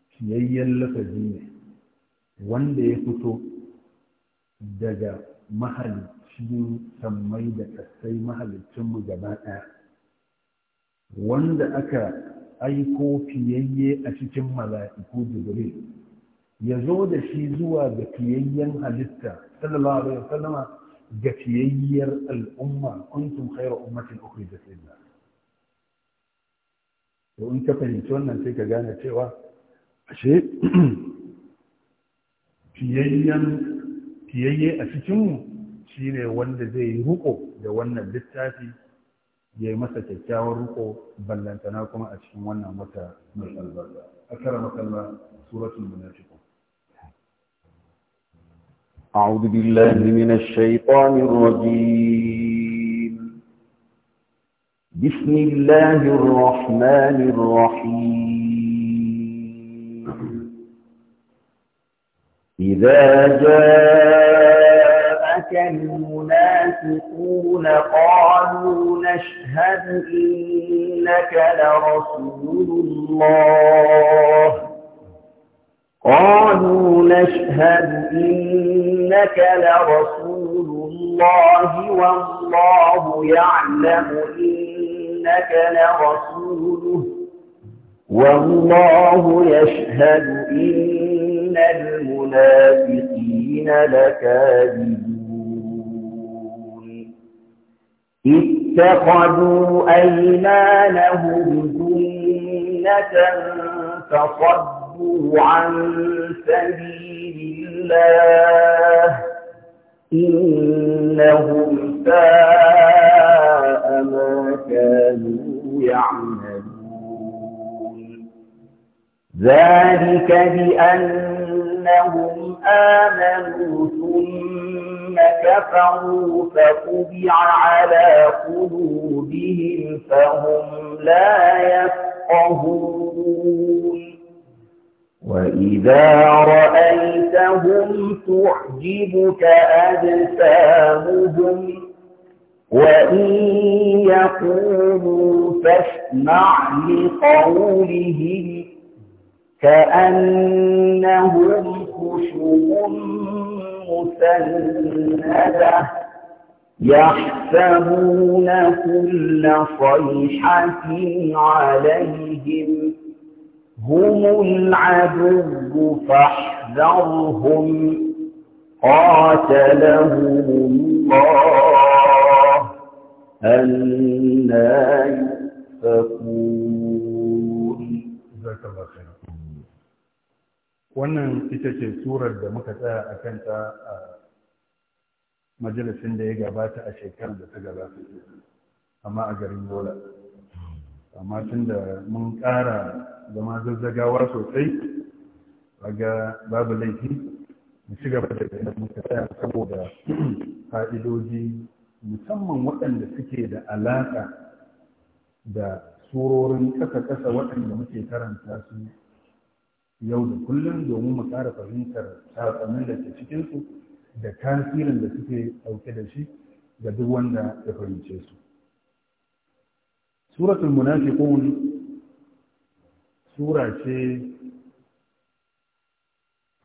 [SPEAKER 1] ciyayyen lafazi ne wanda ya fito daga mahalicin sammai da ƙasai mahalicinmu gaba ɗaya wanda aka aiko fiyayye a cikin mala'iku jibril ya zo da shi zuwa ga fiyayyen halitta sallallahu alaihi wasallama gafiyayyar al'umma kuntum khayra ummatin ukhrijat lin-nas to in ka fahimci wannan sai ka gane cewa ashe <clears throat> fiyayyen fiyayye a cikinmu shine wanda zai yi riko da wannan littafi ya yi masa kyakkyawar riko ballantana kuma a cikin wannan wata mai albarka a kara makalla suratul munafiqun
[SPEAKER 2] أعوذ بالله من الشيطان الرجيم بسم الله الرحمن الرحيم إذا جاءك المنافقون قالوا نشهد إنك لرسول الله قالوا نشهد إنك لرسول الله والله يعلم إنك لرسوله والله يشهد إن المنافقين لكاذبون اتخذوا أيمانهم جنة فصدوا صدوا عن سبيل الله إنهم ساء ما كانوا يعملون
[SPEAKER 1] ذلك
[SPEAKER 2] بأنهم آمنوا ثم كفروا فطبع على قلوبهم فهم لا يفقهون وإذا رأيتهم تعجبك أجسامهم وإن يقولوا فاسمع لقولهم كأنهم خشب مسندة يحسبون كل صيحة عليهم هم العدو فاحذرهم قاتلهم الله أنا يؤفكون جزاك الله خيرا
[SPEAKER 1] wannan ita ce surar da muka tsaya a kanta a majalisin da ya gabata a shekarar da ta gabata amma a garin yola amma tun da mun ƙara zama zazzagawa sosai ga babu laifi mu ci gaba da muka tsaya saboda fa'idoji musamman waɗanda suke da alaƙa da surorin ƙasa-ƙasa waɗanda muke karanta su yau da kullum domin mu ƙara fahimtar saƙonin da ke cikinsu da tasirin da suke ɗauke da shi ga duk wanda ya fahimce su. Suratul Munafiqun sura ce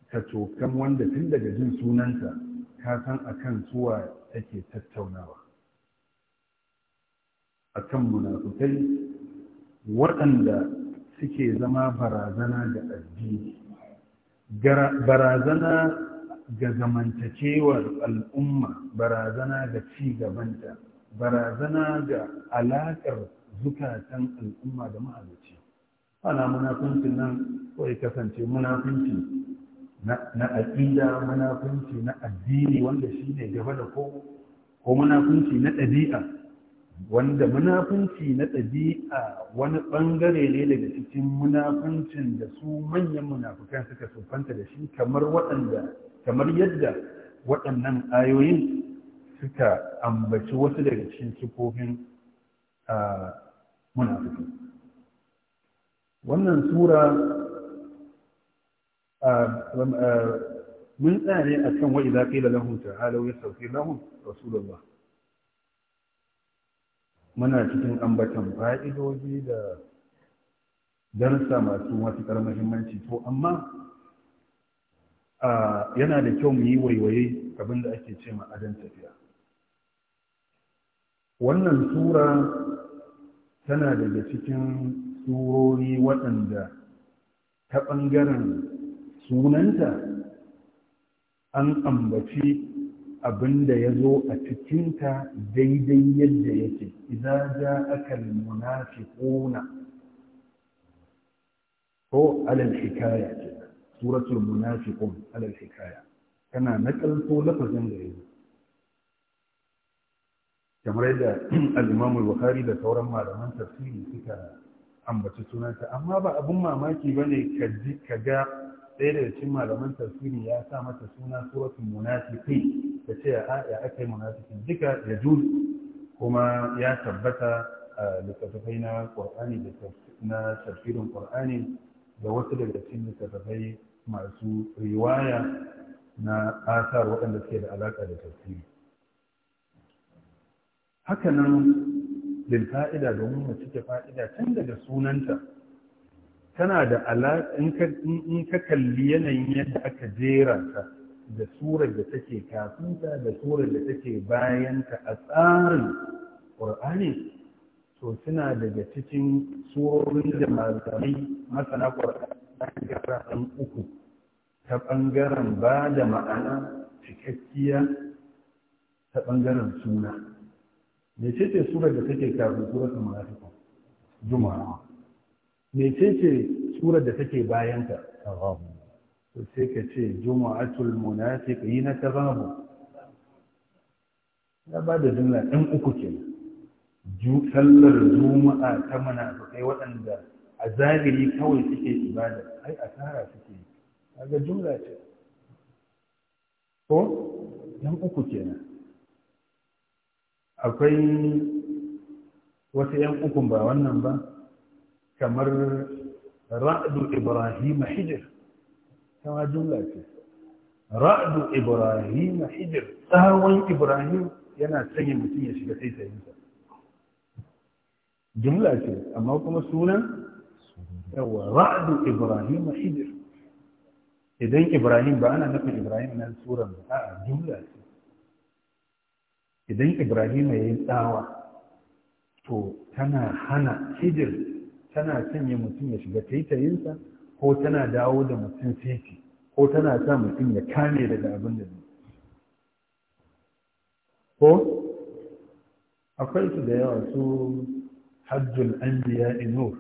[SPEAKER 1] ta tokan wanda tun daga jin sunanta ka san akan suwa take tattaunawa akan munafukai waɗanda suke zama barazana ga addini barazana ga zamantakewar al'umma barazana ga ci gabanta barazana ga alaƙar zukatan al'umma da mahalici ana munafincin nan ko ya kasance munafunci na aƙida munafunci na addini wanda shi ne gaba da ko ko munafunci na ɗabi'a wanda munafunci na ɗabi'a wani ɓangare ne daga cikin munafincin da su manyan munafukan suka sufanta da shi kamar waɗanda kamar yadda waɗannan ayoyin suka ambaci wasu daga cikin sufofin ah, munafukan wannan sura mun tsane a kan wa'iza da lahun ta'alau ya sauke lahun rasulullah muna cikin ambatan fa'idoji da darsa masu matuƙar mahimmanci Ko amma yana da kyau mu yi waiwaye da ake ce ma'adan tafiya wannan sura tana daga cikin surori waɗanda ta ɓangaren sunanta an ambaci abin da ya zo a cikinta daidai yadda yake idan ja aka munafiquna ko alal hikaya ce suratul munafiqun alal hikaya kana nakalto lafazin da yake kamar yadda al-Imam bukhari da sauran malaman tafsiri suka ambaci sunanta amma ba abin mamaki ba ne ka ga ɗaya daga cikin malaman tafsiri ya sa mata suna suratul munafiki ta ce ya aka yi munafiqin duka ya juz kuma ya tabbata a littattafai na qur'ani da na tafsirin ƙur'ani da wasu daga cikin littattafai masu riwaya na asar waɗanda suke da alaƙa da tafsiri hakanan din fa'ida domin mu cike fa'ida tun daga sunanta tana da alaƙa in ka kalli yanayin yadda aka jera ta da surar da take kafinta da surar da take bayanta a tsarin ƙur'ani to suna daga cikin surorin da malamai masana ƙwararra ga ra'an uku ta ɓangaren ba da ma'ana cikakkiya ta ɓangaren suna mecece surar da take kafin surar munafiqun juma'a mecece surar da take bayan ta to sai ka ce juma'atul munafiqina tazamu ya ba da jumla ɗan uku ke sallar juma'a ta munafiqai waɗanda a zahiri kawai suke ibada ai asara suke kaga jumla ce ko ɗan uku kenan akwai wasu 'yan ukun ba wannan ba kamar ra'adu ibrahim hijir kama jumla ce ra'adu ibrahim hijir tsawon ibrahim yana sanya mutum ya shiga taitayinsa jumla ce amma kuma sunan yawa ra'adu ibrahim hijir idan ibrahim ba ana nufin ibrahim na suran ba a jumla ce idan ibrahima ya yi tsawa to tana hana hijir tana sanya mutum ya shiga taitayinsa ko tana dawo da mutum titi ko tana sa mutum ya kame daga abin da ko akwai su da yawa su hajjul anbiya inur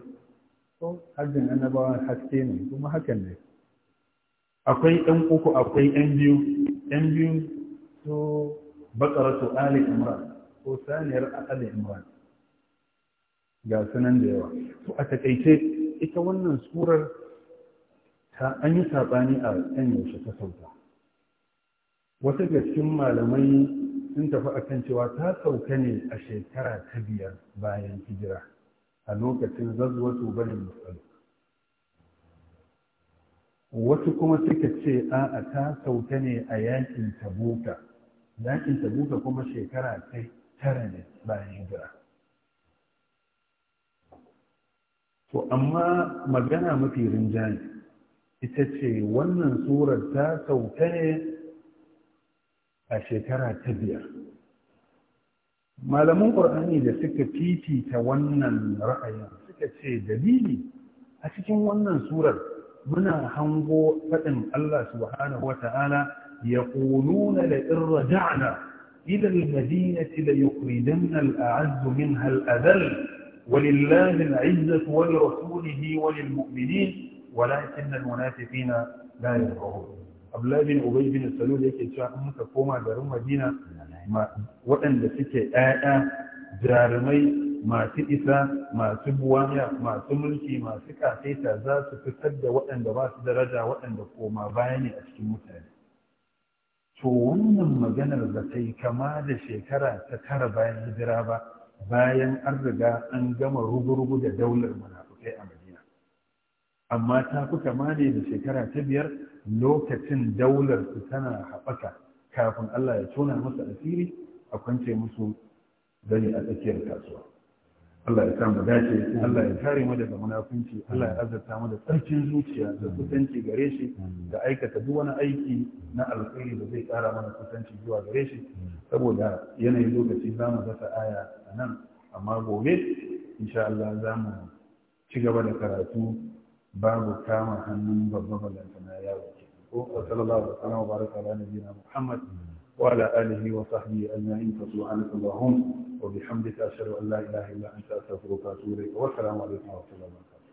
[SPEAKER 1] ko hajjin annabawa haske ne kuma hakan ne akwai ɗan uku akwai ɗan biyu ɗan biyu su bakaratu ali imran ko saniyar ali imran ga sunan da yawa to a takaice ita wannan surar ta an yi saɓani a kan yaushe ta sauka wasu ga cikin malamai sun tafi akan cewa ta sauka ne a shekara ta biyar bayan hijira a lokacin zazwatu bani musal wasu kuma suka ce a ta sauka ne a yakin tabuka ta tabuka kuma shekara kai tara ne bayan hijira to amma magana mafi rinjani, ita ce wannan surar ta sauka ne a shekara ta biyar Malamin ƙur'ani da suka fifita wannan ra'ayin suka ce dalili a cikin wannan surar muna hango faɗin Allah subhanahu wa ta'ala يقولون لئن رجعنا إلى المدينة ليخرجن الأعز منها الأذل ولله العزة ولرسوله وللمؤمنين ولكن المنافقين لا عبد الله بن أبي بن السلول يكي شاء أمك فوما جارو مدينة وأن لسك آية جارمي ما تئسا ما تبوانيا ما تملكي ما تكا تكاكيتا ذات تتدى وأن دراس درجة وأن دفوما بايني أشتمتاني to wannan maganar ba ta yi kama da shekara ta tara bayan hijira ba bayan an riga an gama rugu-rugu da daular munafukai a madina amma ta fi kama ne da shekara ta biyar lokacin daular su tana haɓaka kafin allah ya tona musu asiri a kwance musu gani a tsakiyar kasuwa Allah ya samu dace Allah ya kare mu daga munafunci Allah ya azurta mu da tsarkin zuciya da kusanci gare shi da aikata duk wani aiki na alkhairi da zai kara mana kusanci zuwa gare shi saboda yanayin lokaci za mu dasa aya a nan amma gobe insha Allah za mu ci gaba da karatu babu kama hannun babban balantana ya ke ko sallallahu alaihi wa sallam baraka ala nabiyina muhammad وعلى آله وصحبه أجمعين فسبحانك اللهم وبحمدك أشهد أن لا إله إلا أنت أستغفرك وأتوب إليك والسلام عليكم ورحمة الله وبركاته